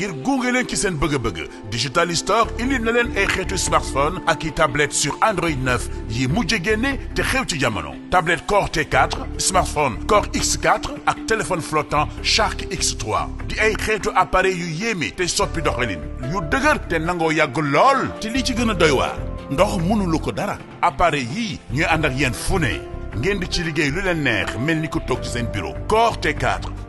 ngir gunge leen ci seen bëgg-bëgg digital store indil na leen ay xeetu smartphone ak i tablette sur Android 9 yi mujj génne te xew ci jamono tablette Core T4 smartphone Core X4 ak téléphone flottant Shark X3 di ay xeetu appareil yu yéeme te soppi doxalin yu dëgër te nangoo yàgg lool te li ci gën a doy waar ndox mënulu ko dara appareil yi ñuy ànd ak yéen fu ne ngeen di ci liggéey lu leen neex mel ni ku toog ci seen bureau Core T4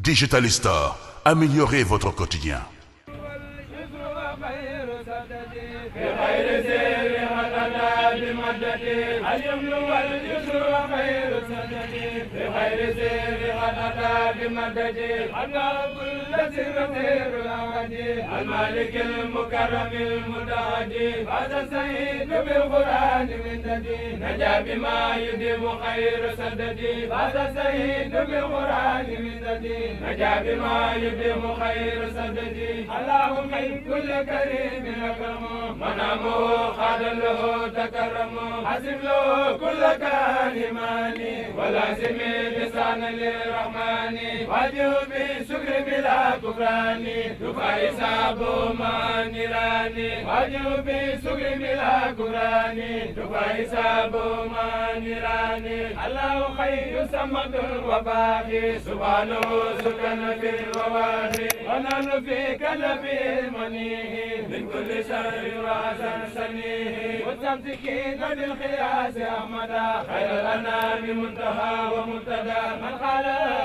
Digital Store, améliorez votre quotidien. المدد الوهاب الذي مثير العادي المالك المكرم المتعدي فاز سعيد بالقران من ددي نجا بما يديم خير سددي فاز سعيد بالقران من ددي نجا بما يديم خير سددي الله من كل كريم اكرم منامه خاد له تكرم حسب له كل كان ماني ولازم لسان للرحمن وجوبي شكر بلا كفران دفع إصاب ما نيران وجوبي شكر بلا كفران دفع إصاب ما نيران الله خير سمد الوباء سبحانه سكن في الرواح ونحن في كلب المنيه من كل شر راسا سنيه مستمسكين بالخياس أحمدا خير الأنام منتهى ومنتدى من قال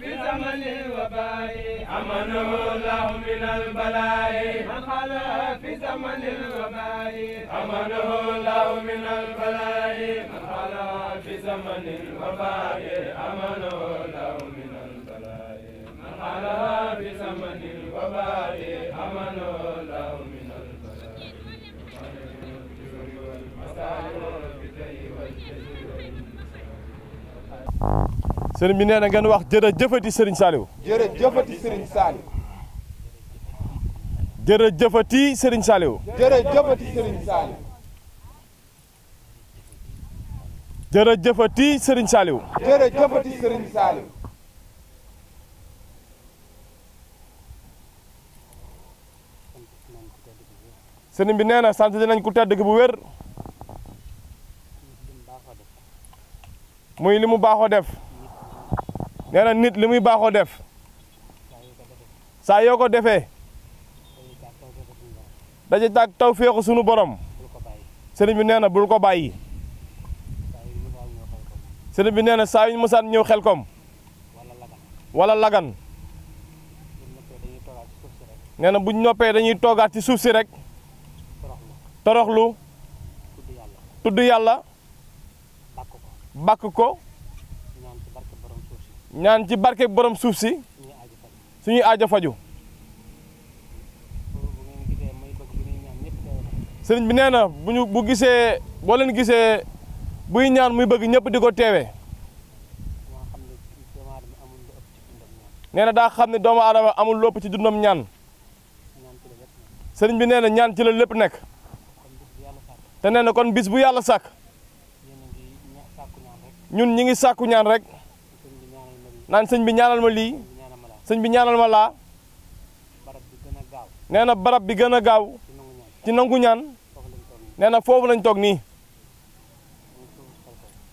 في أمن الوباء أمنه الله من البلاء من خلا في زمن الوباء أمنه الله من البلاء من خلا في زمن الوباء أمنه الله من البلاء من خلا في زمن الوباء أمنه الله من البلاء والمسائل والفتن والشجر والمسائل sëriñ bi nee na ngeen wax jërëjëfati sëriñ Saliou. jërëjëfati sëriñ Saliou. jërëjëfati sëriñ Saliou. jërëjëfati sëriñ Saliou. jërëjëfati sëriñ Saliou. jërëjëfati sëriñ Saliou. sëriñ bi nee na sant dinañ ku tedd gi bu wér. muy li mu baaxoo def. nee nit li muy baaxoo def saa yoo ko defee daje tàg taw féexu sunu borom sëriñ bi nee na bul ko bàyyi sëriñ bi nee na saa yuñ mosaan ñëw xel xelkom wala lagan nee na buñ noppee dañuy toogaat ci suuf si rek toroxlu tudd yàlla bàkk ko ñaan ci barke borom suuf si suñuy aajo faju sëriñ bi nee na bu ñu gisee boo leen gisee buy ñaan muy bëgg ñépp di ko teewe nee na daa xam ne doomu aadama amul lopp ci dundam ñaan sëriñ bi nee na ñaan ci la lépp nekk te nee kon bis bu yàlla sàkk ñun ñi ngi sàkku ñaan rek naan sëñ bi ñaanal ma lii sëñ bi ñaanal ma laa nee na barab bi gën a gaaw ci nangu ñaan nee na foofu lañ toog nii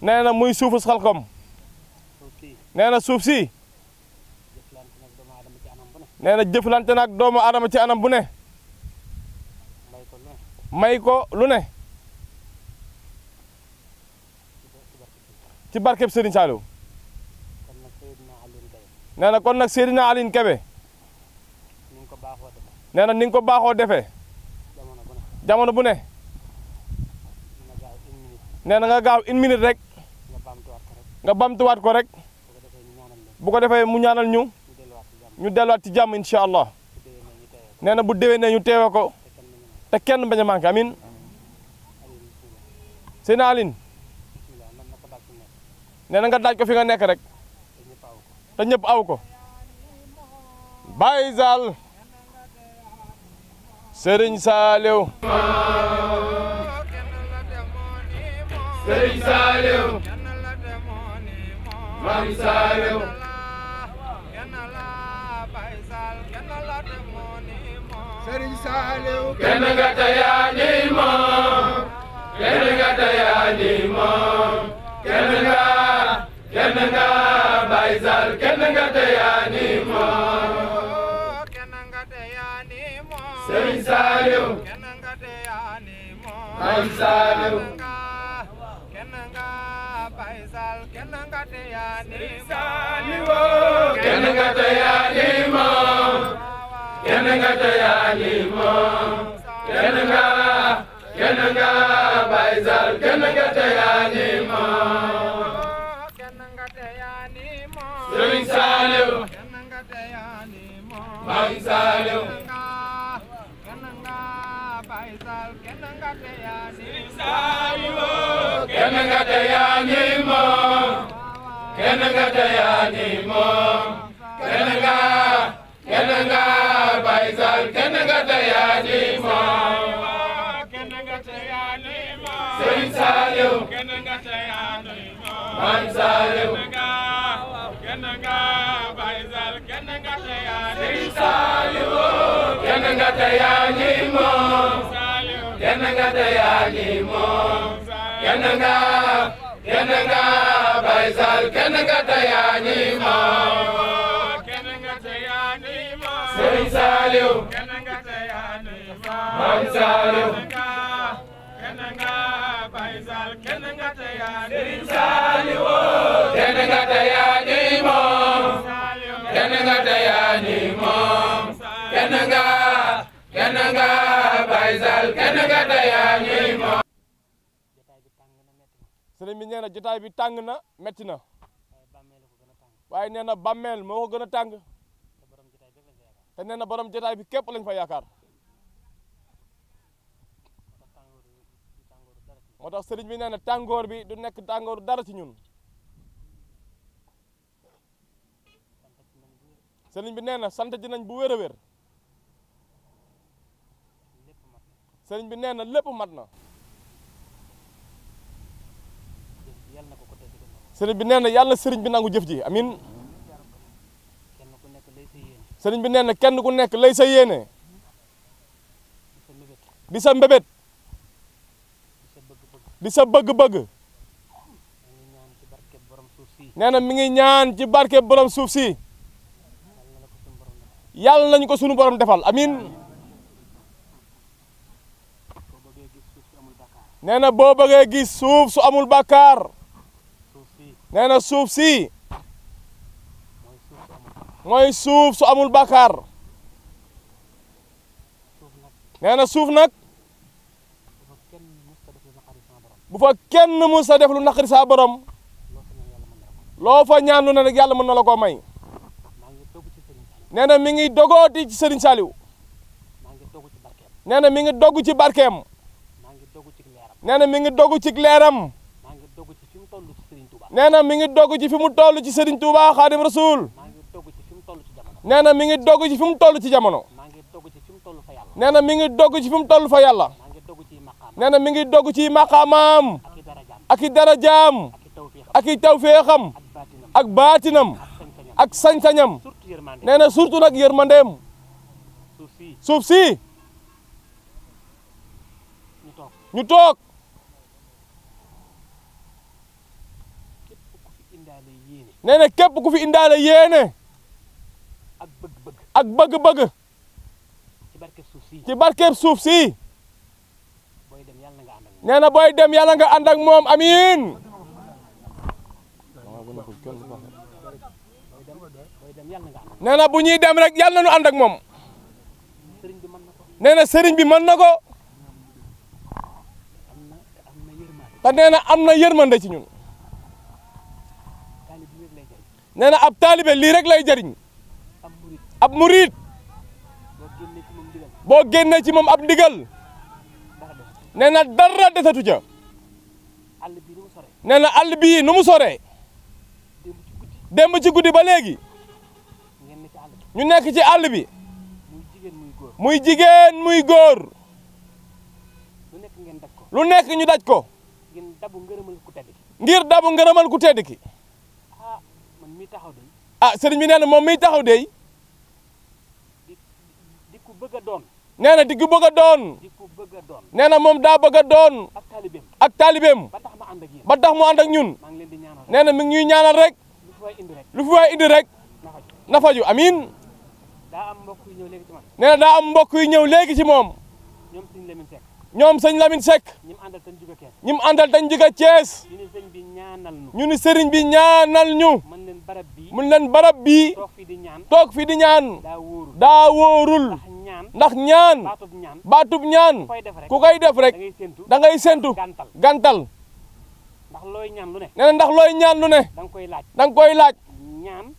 nee na muy suufu Xelkom nee suuf si nee na jëflante nag doomu aadama ci anam bu ne may ko lu ne ci barkeb Serigne Saliou nee na kon nag Seydina Alioune Kébé nee na ni ko baaxoo defee jamono bu ne nee na nga gaaw une minute rek nga bamtuwaat ko rek bu ko defee mu ñaanal ñu ñu delluwaat ci jàmm incha allah nee na bu déwénee ñu teewe ko te kenn bañ a manqué amin Seydina Alioune nee na nga daaj ko fi nga nekk rek te ñëpp aw ko Baye Zal Serigne Saliou kaysar kenn nga te yaa ni moom sëriñ Saliou maam Saliou kenn nga te yaa ni moom kenn nga te yaa ni moom kenn nga kenn nga baysal kenn nga te yaa ni moom Maam Saliou kenn nga te yaa ni moom kenn nga te yaa ni moom kenn nga kenn nga Baay Sal kenn nga te yaa ni moom Serigne Saliou Maam Saliou kenn nga te yaa ngi moom kenn nga te yaa ngi moom kenn nga kenn nga Baay Sall kenn nga te yaa ngi moom kenn nga te yaa ngi moom Sëriñ Saliou kenn nga te yaa ngi moom Maam Saliou kenn nga Baay Sall kenn nga te yaa ngi Sëriñ Saliou kenn nga te yaa nga bay sal kenn nga dayaa ñuy moom sëriñ bi nee na jotaay bi tàng na metti na waaye nee na bàmmeel moo ko gën a tàng te nee na borom jotaay bi képp lañ fa yaakaar moo tax sëriñ bi nee na tàngoor bi du nekk tàngooru dara ci ñun sëriñ bi nee na sant ji nañ bu wér a wér sëriñ bi nee na lépp mat na. sëriñ bi nee na yàlla sëriñ bi nangu jëf ji amin sëriñ bi nee na kenn ku nekk lay sa yéene. di sa mbébét. di sa bëgg-bëgg. nee na mi ngi ñaan ci barke borom suuf si. yàlla nañu ko sunu borom defal amin nee na boo bëggee gis suuf su amul bàkkaar nee na suuf si mooy suuf su amul bakar nee na suuf nag bu fa kenn mus a def lu naqari saa borom loo fa ñaan lu ne rek yàlla mën na la koo may nee na mi ngi sëriñ ci Serigne Saliou nee na mi ngi dogg ci barkeem nee na mi ngi dogu ci leeram nee na mi ngi dogu ci fi mu toll ci Serigne Touba Xaadim Rasuul nee na mi ngi dogu ci fi mu toll ci jamono nee na mi ngi dogu ci fi mu toll fa yàlla nee na mi ngi dogu ci maqaamaam ak i darajaam ak i tawféexam ak baatinam ak sañ-sañam nee na surtout nag yërmandeem suuf si ñu toog nee na képp ku fi indaale yéene ak bëgg-bëgg ak bëgg-bëgg ci barkeeb suuf si nee na dem yàlla nga ànd ak moom amiin nee na bu ñuy dem rek yàlla na ñu ànd moom nee na sëriñ bi mën na ko te nee na am na yërmande ci ñun. nee na ab taalibe lii rek lay jariñ ab murit boo génnee ci moom ab ndigal nee na dara desatu ca nee na àll bii nu mu soree démb ci guddi ba léegi ñu nekk ci àll bi muy jigéen muy góor lu nekk ñu daj ko ngir dabu ngërëmal ku tedd ki ah sëriñ bi nee na moom miy taxaw dey di ku bëgg nee na di ku bëgg a doon nee na moom daa bëgg a doon ak taalibeem ba tax mu ànd ak ñun nee na ñuy ñaanal rek lu fi waay indi na faju amiin nee na daa am mbokk yu ñëw léegi ci moom ñoom sëñ Lamine Seck ñi mu àndal dañ jóge Thiès ñu ni sëriñ bi ñaanal ñu mu leen barab bii toog fi di ñaan daa wóorul ndax ñaan baatub ñaan ku koy def rek da ngay séntu gàntal ndax looy ñaan lu ne nee ndax looy ñaan lu ne da nga koy laaj da koy laaj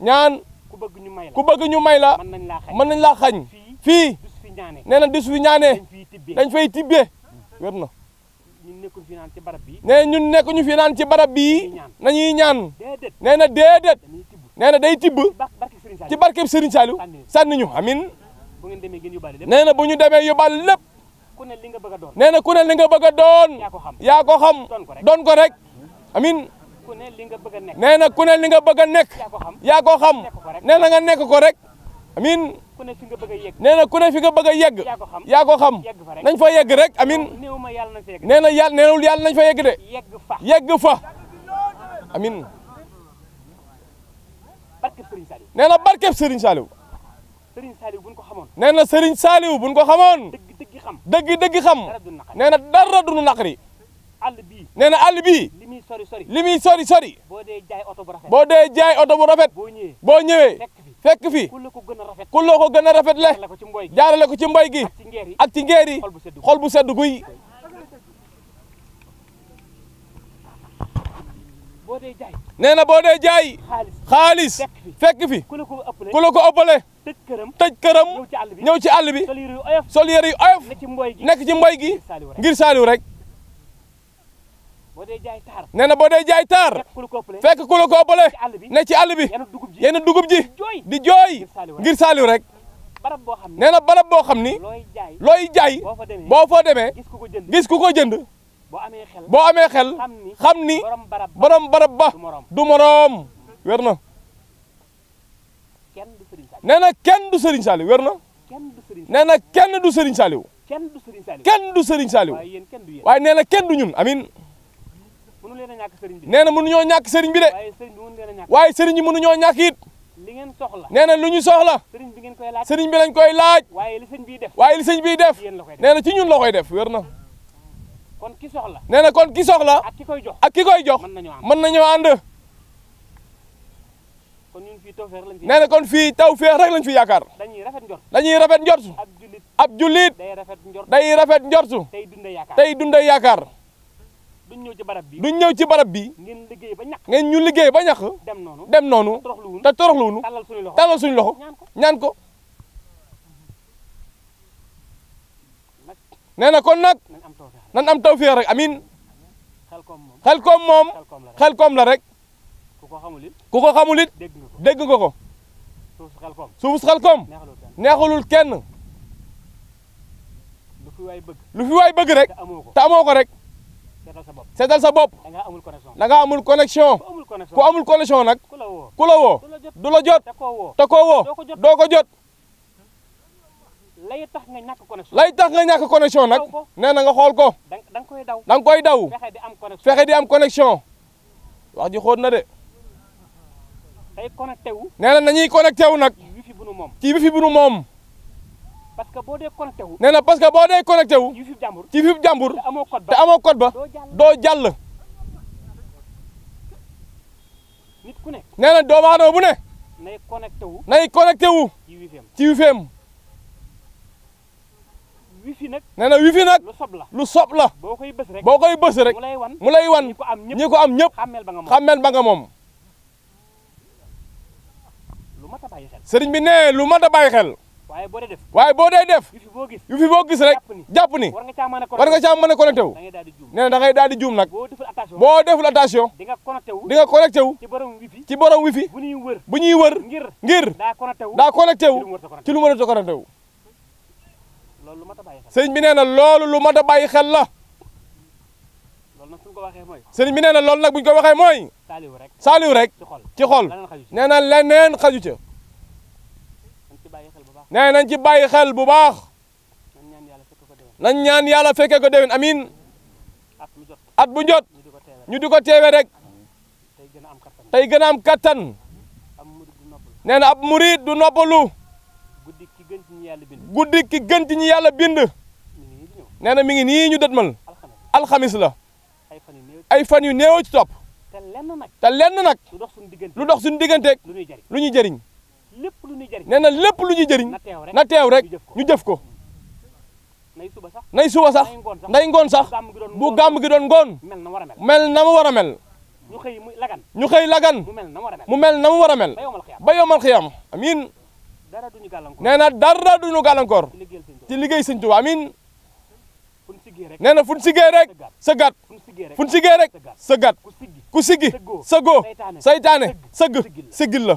ñaan ku bëgg ñu may la mën nañ laa xañ fii nee na dus fi ñaanee dañ fay tibbee hmm. wér nee ñun nekkuñu fi naan ci barab na nañuy ñaan nee na déedéet nee na day tibb ci barkeb Serigne Saliou sànni ñu amin nee na bu ñu demee yóbbaale lépp nee na ku ne li nga bëgg a doon yaa ko xam doon ko rek amin nee na ku ne li nga bëgg a nekk yaa ko xam nee na nga nekk ko rek amin ku ne fi nga bëgg a yegg nee na ku fi nga bëgg a yegg yaa ko xam nañ fa yegg rek amin nee na yàlla neenul yàlla nañ fa yegg de yegg fa amin nee na barkeb Serigne Saliou nee na Serigne Saliou buñ ko xamoon dëgg-dëgg xam nee na dara du nu naqari nee na àll bii li muy sori sori boo dee jaay oto bu rafet boo ñëwee fekk fi ku la ko gën a rafet ko gën a rafet le jaarale ko ci mboy gi ak ci ngeer yi xol bu sedd guy nee na boo dee jaay xaalis fekk fi ku la ko ëppale tëj këram ñëw ci àll bi sol yëre yu oyof nekk ci mboy gi ngir saaliw rek nee na boo dee jaay taar fekk ku la ko bële ne ci àll bi yenn dugub ji di jooy ngir saaliw rek nee na barab boo xam ni looy jaay boo foo demee gis ku ko jënd boo amee xel xam ni borom barab ba du moroom wér na nee na kenn du Serigne Saliou wér na nee na kenn du Serigne Saliou kenn du Serigne Saliou waaye nee na kenn du ñun amin nee na mënuñoo ñàkk sëriñ bi de waaye sëriñ bi mënuñoo ñàkk it li ngeen soxla nee na lu ñu soxla sëriñ bi ngeen koy laaj sëriñ bi lañ koy laaj waaye li sëñ biy def waaye li sëñ biy def nee na ci ñun la koy def wér na kon ki soxla nee na kon ki soxla ak ki koy jox ak ki koy jox mën nañoo ànd nee na kon fii taw féex rek lañ fi yaakaar dañuy rafet njort dañuy rafet njort ab jullit day rafet njort day rafet njortu tey dunda yaakaar tey dunda yaakaar duñ ñëw ci barab bi duñ ñëw ci barab bi ngeen liggéey ba ñàkk ñu liggéey ba ñàkk dem noonu dem noonu te toroxluwunu tàllal suñu loxo tàllal suñu ko nee na kon nag nan am tawfeex rek amin xel koom moom xel koom la rek ku ko xamul it dégg nga ko suuf su xel koom neexalul kenn lu fi waay bëgg rek te amoo ko rek seetal sa bopp seetal sa bopp. da ngaa amul connexion da ngaa amul connexion. ku amul connexion nag. ku la woo ku la woo du la jot. te koo woo te koo woo doo ko jot. lay tax nga ñàkk connexion lay tax ñàkk connexion nag nee na nga xool ko. da nga koy daw da nga koy daw. di am connexion fexe di am connexion. wax ji xóot na de. day connecté wu. nee na nañuy connecté wu nag. ci wifi bu nu moom ci wifi bu moom. parce que boo dee connecté wu. nee na que boo dee connecté ci fiib jàmbur te amoo code ba doo jàll. nit ku nekk nee na bu ne. nay connecté wu nay connecté wu. ci wifeem nag nee na wifi nag lu sob la lu sob la. boo koy bës rek boo koy mu lay wan mu lay wan ñi ko am ñëpp. xàmmeel ba nga moom xàmmeel ba nga moom. mat a bàyyi xel bi nee lu mat a bàyyi waaye boo def waaye boo dee def yu fi boo gis rek jàpp ni war nga caa mën a connecté wu nee na da ngay daal di juum nag boo deful attention di nga connecté wu ci borom wifi bu ñuy wër ngir daa connecté wu ci lu mu warata connecté wu sëñ bi nee na loolu lu mat a bàyyi xel la sëñ bi nee na loolu nag bu ñu ko waxee mooy saaliw rek ci xol nee na leneen xaju ca nee nañ ci bàyyi xel bu baax nañ ñaan yàlla fekke ko déwén amin at bu jot ñu di ko teewe rek tey gën a am kattan nee na ab murid du noppalu guddi ki gën ci ñi yàlla bind guddi ki gën yàlla bind nee na mi ngi nii ñu dëtmal alxamis la ay fan yu néew ci topp te lenn nag lu dox suñu digganteeg lu ñuy jariñ lépp lu ñuy jëriñ lépp lu ñuy jëriñ na teew rek ñu jëf ko nay suba sax nay suba sax nday ngoon sax bu gàmm gi doon ngoon mel na mu war a mel ñu xëy lagan ñu xëy lagan mu mel na mu war a mel ba yomal xiyam amiin nee na dara duñu gàllankoor ci liggéey sëñ Tuubaa amiin nee na fu ñu siggee rek sa gat fu ñu siggee rek sa gat ku siggi sa goo saytaane sëgg siggil la